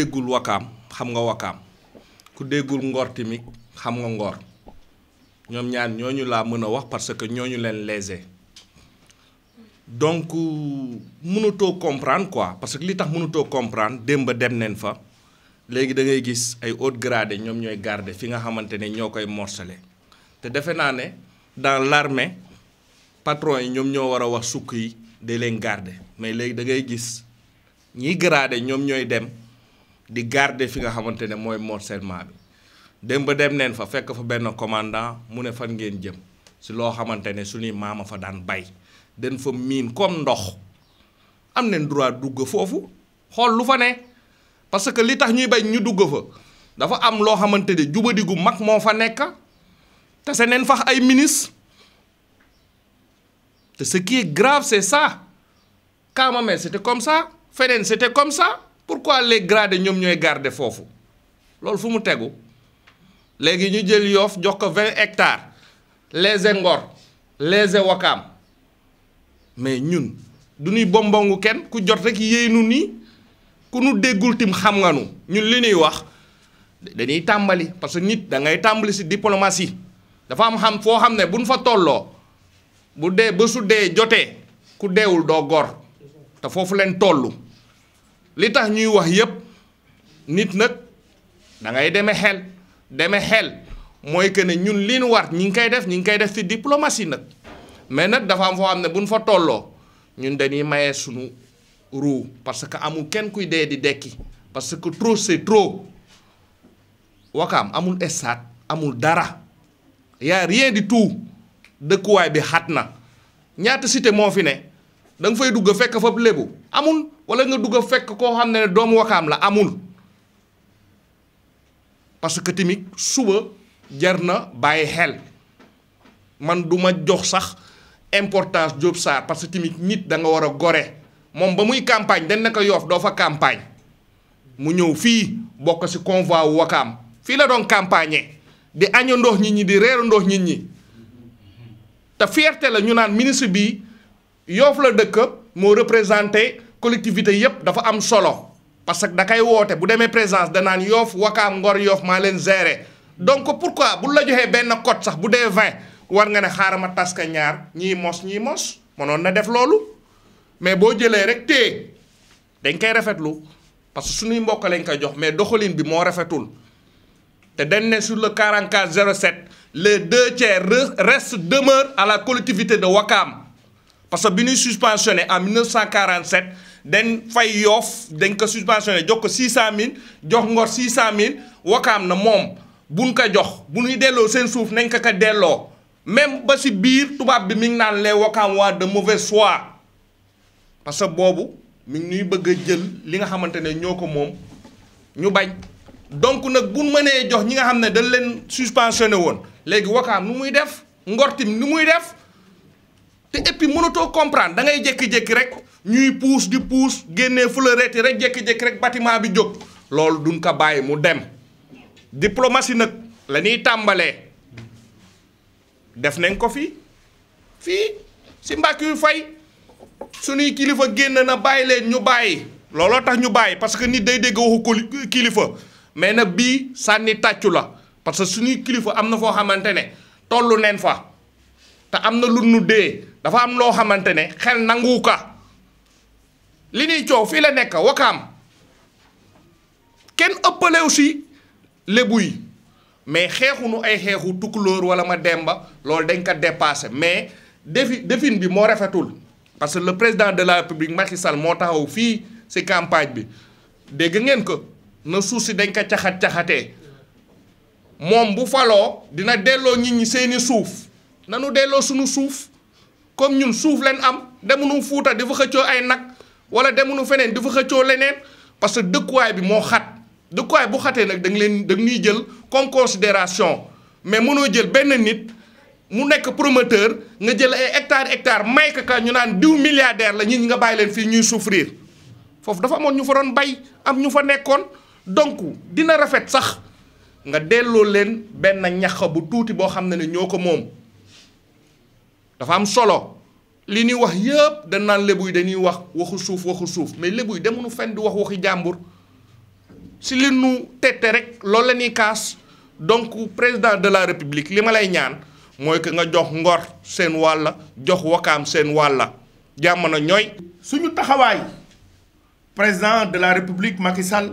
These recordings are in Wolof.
déggul wakaam xam nga wakaam ku déggul ngor tamit xam nga ngoor ñoom ñaar ñooñu laa mën a wax parce que ñoo ñu leen lésé donc mënutoo comprendre quoi parce que li tax mënutoo comprendre démb dem neen fa léegi da ngay gis ay haut grade ñoom ñooy garde fi nga xamante ne ñoo koy morcelé te defe naa ne dans l'armée patron yi ñoom ñoo war a wax sukk yi day leen garder mais léegi da ngay gis ñiy gradé ñoom ñooy dem. di garde fi nga xamante ne mooy morcellement bi ba dem neen fa fekk fa benn commandant mu ne fan ngeen jëm si loo xamante ne suñuy maama fa daan bay den fa miin comme ndox am nañ droit dugg foofu xool lu fa ne parce que li tax ñuy bay ñu dugg fa dafa am loo xamante ne jubadi gu mag moo fa nekk te se neen fax ay ministre te ce kii est grave c'est ça Camamène c'était comme ça feneen c'était comme ça pourquoi les gradés ñoom ñooy garder foofu loolu fu mu tegu léegi ñu jël yoof jox ko vingt hectares les ngor les wakaam mais ñun du ñuy bombongu kenn ku jot rek yéey nu nii ku nu déggul tim xam nga nu ñun li ñuy wax dañuy tàmbali parce que nit da ngay tàmbali si diplomatie dafa am xam foo xam ne bu buñ fa tolloo bu dee ba su dee jotee ku deewul doo gor te foofu leen tollu li tax ñuy wax yépp nit nag da ngay deme xel deme xel mooy que ne ñun li ñu war ñi ngi koy def ñi ngi koy def ci diplomatie nag mais nag dafa am foo xam ne buñ fa tolloo ñun dañuy maye sunu ruu parce que amul kenn kuy dee di dekki parce que trop c'est trop wakaam amul estaat amul dara y'a rien di tout dëkkuwaay bi xat na ñaata cité moo fi ne da nga fay dugg fekk fa lébu amul wala nga dugg a fekk koo xam ne doomu wakaam la amul parce que tamit suba jar na bàyyi xel man duma jox sax importance Diop Sarr parce que tamit nit da nga war a gore moom ba muy campagne dañ na yoof doo fa campagne mu ñëw fii bokk ci convoi wu wakaam fii la doon campagne di año ndox nit ñi di reeru ndox nit ñi te fierté la ñu naan ministre bi yoof la dëkk moo représenté collectivité yépp dafa am solo parce que da kay woote bu demee présence danaan yoof wakaam ngor yoof maa leen gérer donc pourquoi bu la joxee benn code sax bu dee 20 war nga ne xaaral ma tas ka ñaar ñii mos ñii mos noon na def loolu mais boo jëlee rek téye dañ koy rafetlu parce que suñuy mbokk lañ koy jox mais doxalin bi moo rafetul te dañ ne sur le 44 07 les deux tiers restent demeurent à la collectivité de Wakam parce que bi ñuy cent en 1947 dañ fay yoof dañ ko suspensionné jox ko 600000 jox ngor 600000 wakaam na moom buñ ko jox bu ñuy delloo seen suuf nañ ko ko delloo même ba si biir tubaab bi mi naan lee wakaam waa de mauvaise foi parce que boobu mi ngi ñuy bëgg a jël li nga xamante ne ñoo ko moom ñu bañ donc nag bu mënee jox ñi nga xam ne dañ leen suspensionné woon léegi wakaam nu muy def ngortim nu muy def te et mënatoo comprendre da ngay jékki-jékki rek ñuy puus di puus génnee fleurette yi rek jékki-jékki rek bâtiment bi jóg loolu dun ko bàyyi mu dem diplomatie nag la tàmbalee def nañ ko fii fii si mbàkk yu fay suñuy kilifa génn na bàyyi leen ñu bàyyi looloo tax ñu bàyyi parce que nit day dégg waxu kilifa mais nag bii sànni tàccu la parce que suñuy kilifa am na foo xamante ne tollu neen fa te am na lu nu dee dafa am loo xamante ne xel nangu ka li ñuy coow fii la nekk wakaam kenn ëppalewu si lébu yi mais xeexunu ay xeexu tukulóor wala ma demba loolu dañ ko dépassé mais défi défin bi moo rafetul parce que le président de la république Macky Sall moo taxaw fii si campagne bi dégg ngeen ko na suuf si dañ ko caxat-caxatee moom bu faloo dina delloo nit ñi seeni suuf nanu delloo suñu suuf comme ñun suuf leen am demunu fuuta di fa xëccoo ay nag wala demunu feneen di fa xëccoo leneen parce que dëkkuwaay bi moo xat dëkkuwaay bu xatee nag danga leen da nga ñuy jël comme considération mais mënoo jël benn nit mu nekk promoteur nga jël ay hectare hectare may ka ñu naan diw milliardaire la ñi ñi nga bàyyi leen fii ñuy souffrir foofu dafa amoon ñu fa doon bay am ñu fa nekkoon donc dina rafet sax nga delloo leen benn ñax bu tuuti boo xam ne ne ñoo ko moom dafa am solo li nuy wax yëpp dañ naan lébu yi dañuy wax waxu suuf waxu suuf mais lébu yi demuñu fenn di wax waxi jàmbur si li nu tette rek loolu la ñuy kaas donc président de la république li ma lay ñaan mooy que nga jox ngor seen wàlla jox wakaam seen wàlla jàmm na ñooy. suñu taxawaay président de la république Macky Sall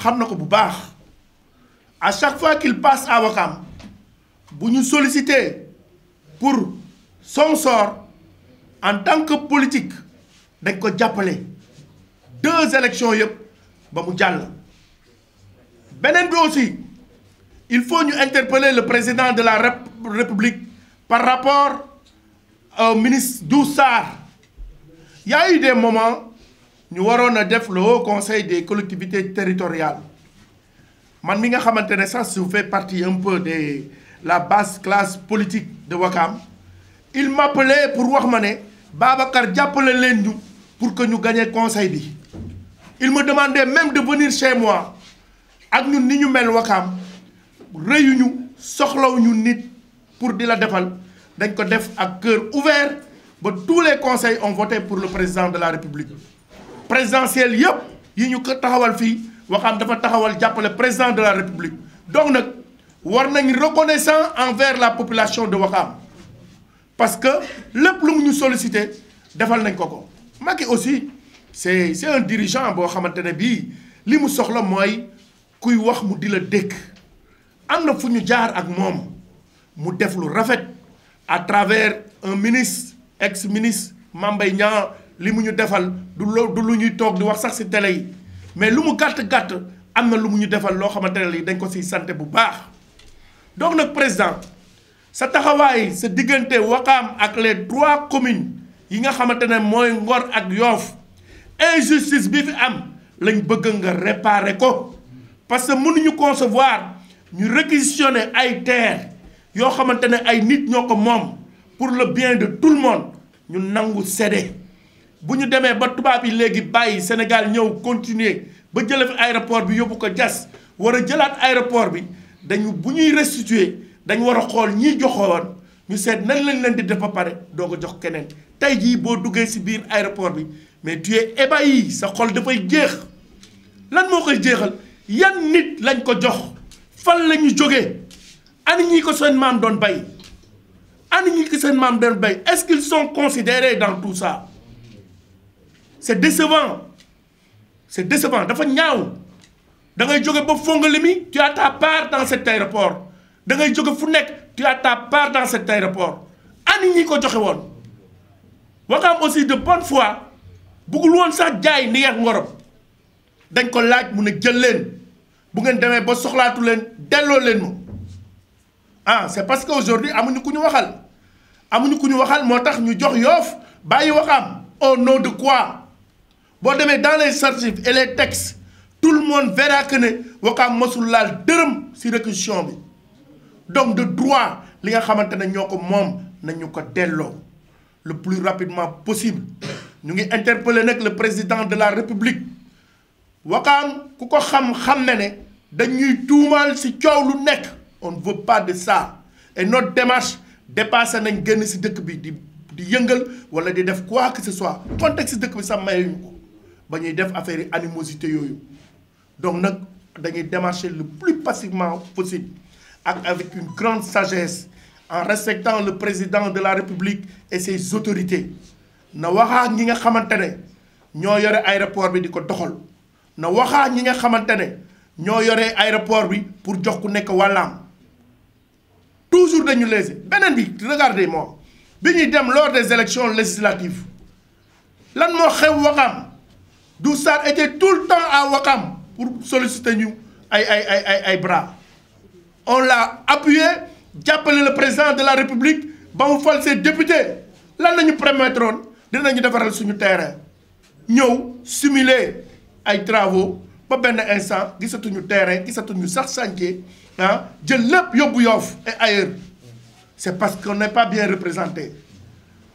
xam na ko bu baax à chaque fois qu'il passe à Wakam bu ñu sollicité pour. son sort en tant que politique dañ ko jàppale deux élections yëpp ba mu jàll beneen bi il faut ñu interpeller le président de la république par rapport au ministre Diouf Sarr y a eu des ñu waroon a def le conseil des collectivités territoriales man mi nga xamante ne sax je fait partie un peu de la basse classe politique de Wakam il m'appelait pour wax ma ne Babacar jàppale leen ñu pour que ñu gañe conseil bi il me demandait même de venir chez moi ak ñun ni ñu mel wakaam rëyuñu soxlawuñu nit pour di la defal dañ ko def ak cœur ouvert ba tous les conseils ont voté pour le président de la république présidentielle yëpp yi ñu ko taxawal fii waxam dafa taxawal jàppale président de la république donc nag war nañ reconnaissant envers la population de Ouakam parce que lépp lu mu ñu sollicité defal nañ ko ko Macky aussi c'est c'est un dirigeant boo xamante ne bii li mu soxla mooy kuy wax mu di la dékk am na fu ñu jaar ak moom mu def lu rafet à travers un ministre ex ministre Mame Mbaye Niang li mu ñu defal du loo du lu ñuy toog di wax sax ci télé yi mais lu mu gàtt gàtt am na lu mu ñu defal loo xamante ne lii dañ ko ciy sant bu baax donc nag président sa taxawaay sa diggante Wakaam ak les trois communes yi nga xamante ne mooy Ngor ak Yoof injustice bi fi am lañ bëgg nga réparer ko parce que mënuñu concevoir ñu réquisitionner ay terre yoo xamante ne ay nit ñoo ko moom pour le bien de tout le monde ñu nangu cédé bu ñu demee ba tubaab yi léegi bàyyi Sénégal ñëw continuer ba jëlee fi aéroport bi yóbbu ko jas war a jëlaat aéroport bi dañu bu ñuy restituer dañ war a xool ñiy joxoon ñu seet nañ lañ leen di def ba pare doo ko jox keneen tey jii boo duggee si biir aéroport bi mais tu es ébahi sa xol dafay jéex lan moo koy jeexal yan nit lañ ko jox fan la ñu jógee ani ñi ko seen maam doon bay ani ñi ko seen maam doon bay est-ce qu'ils sont considérés dans tout ça c'est décevant c'est décevant dafa ñaaw da ngay jóge ba fongale mi tu as ta part dans cet aéroport dangay jóge fu nekk tu as ta part dans cet aéroport ani ñi ko joxe woon Wakaam aussi de bonne fois bëggul woon sax jaay ni ak ngorom dañ ko laaj mu ne jël leen bu ngeen demee ba soxlaatu leen delloo leen ma ah c'est parce que aujourd'hui amuñu ku ñu waxal amuñu ku ñu waxal moo tax ñu jox yoof bàyyi Wakaam au no de quoi boo demee dans les archives et les textes tout le monde verra que ne Wakaam masul laal dërëm ci réquisition bi donc de droit li nga xamante ne ñoo ko moom nañu ko delloo le plus rapidement possible ñu ngi interpeller nag le président de la république wakaam ku ko xam-xam ne ne dañuy tuumaal si coow lu nekk on ne veut pas de ça et notre démarche dépassé nañ génn si dëkk bi di di yëngal walla di def quoi que ce soit contexte dëkk bi sax mayuñu ko ba ñuy def affaire yi animosité yooyu donc nag dañuy démarcher le plus passivement possible ak avec une grande sagesse en respectant le président de la république et ses autorités na waxaa ñi nga xamante ne ñoo yore aéroport bi di ko doxal na waxaa ñi nga xamante ne ñoo yore aéroport bi pour jox ku nekk wàllaam toujours dañu léegi beneen bi regardez moi bi ñuy dem lors des élections législatives lan moo xew waxam Diouf Sarr était tout le temps à Wakam pour solliciter ñu ay ay ay ay ay bras on l'a appuyé jàppale le président de la république ba mu fal ses lan la ñu promettre woon dinañu defaral suñu terrain ñëw simuler ay travaux ba benn instant gisatuñu terrain gisatuñu sax chantier ah jël lépp yóbbu Yoff et ailleurs c'est parce qu'on n'est pas bien représenté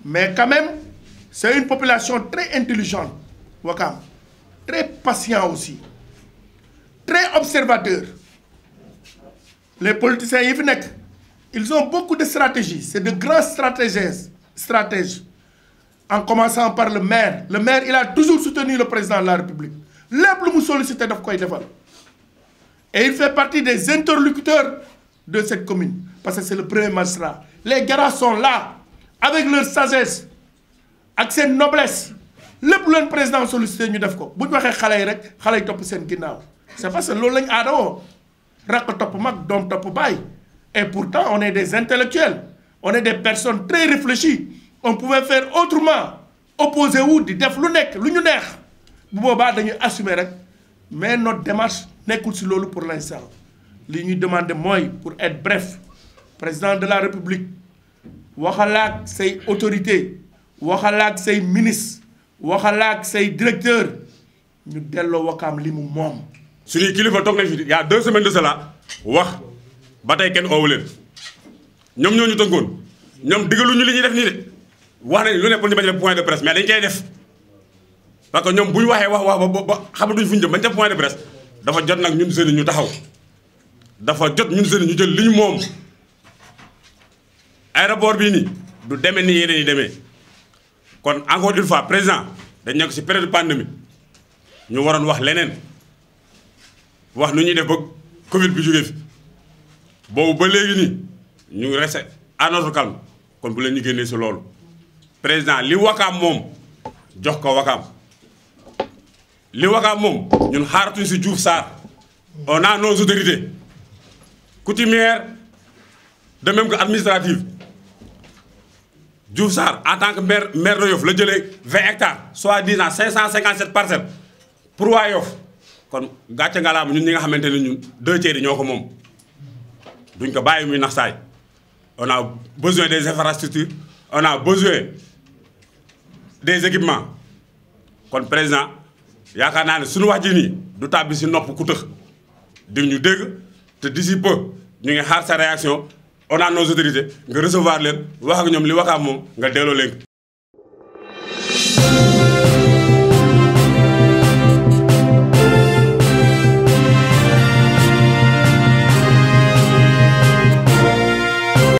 mais quand même c'est une population très intelligente Ouakam très patient aussi très observateur les politiciens yi fi nekk ils ont beaucoup de stratégies c'est de grands stratèges stratèges en commençant par le maire le maire il a toujours soutenu le président de la République lépp lu mu sollicité daf koy defal et il fait partie des interlocuteurs de cette commune parce que c'est le premier magistrat les gars sont là avec leur sagesse ak seen noblesse lépp leen président sollicité ñu def ko bu ñu waxee xale yi rek xale yi topp seen ginnaaw c'est parce que loolu lañ aadawoo rakk topp mag doom topp baay et pourtant on est des intellectuels on est des personnes très réfléchies on pouvait faire autrement opposé wu di def lu nekk lu ñu neex bu boobaa dañuy assumer rek mais not démarche nekkul si loolu pour lañ l'instant li ñuy demander mooy pour être bref président de la république waxalaak say autorité waxalaak say ministre waxalaak say directeur ñu delloo wakaam li mu moom suñuy kilifa toog nañ fi y a deux semaines de cela wax ba tey kenn oowu leen ñoom ñoo ñu tënkoon ñoom digaluñu li ñuy def nii de wax nañ lu ne pour ñu bañ def point de presse mais dañ koy def parce que ñoom bu ñu waxee wax wax ba ba xamatuñ fu ñu jëm bañ def point dafa jot nag ñun sëriñ ñu taxaw dafa jot ñun sëriñ ñu jël li ñu moom aéroport bii nii du demee nii yeneen yi demee kon encore une fois président dañ nekk ci période pandémie ñu waroon wax leneen. wax nu ñuy def ba Covid bi jógee fi boobu ba léegi nii ñu ngi resté à notre calme kon bu leen ñu génnee si loolu président li wakaam moom jox ko wakaam li wakaam moom ñun xaaratuñ si Diouf Sarr on a nos autorités coutumières de même que administrative Diouf Sarr en tant que maire maire de Yoff la jëlee 20 hectares soit disant 557 parcelles pour waa Yoff kon nga ngalaam ñun ñi nga xamante ne ñun deux tiers ñoo ko moom duñ ko bàyyi muy nax saay on a des infrastructures on a besoin des équipements kon président yaakaar naa ne suñu wax ji nii du tàbbi si nopp ku tëx di ñu dégg te d'ici peu ñu ngi xaar sa réaction on a nos nga recevoir leen wax ñoom li waxaam moom nga delloo leen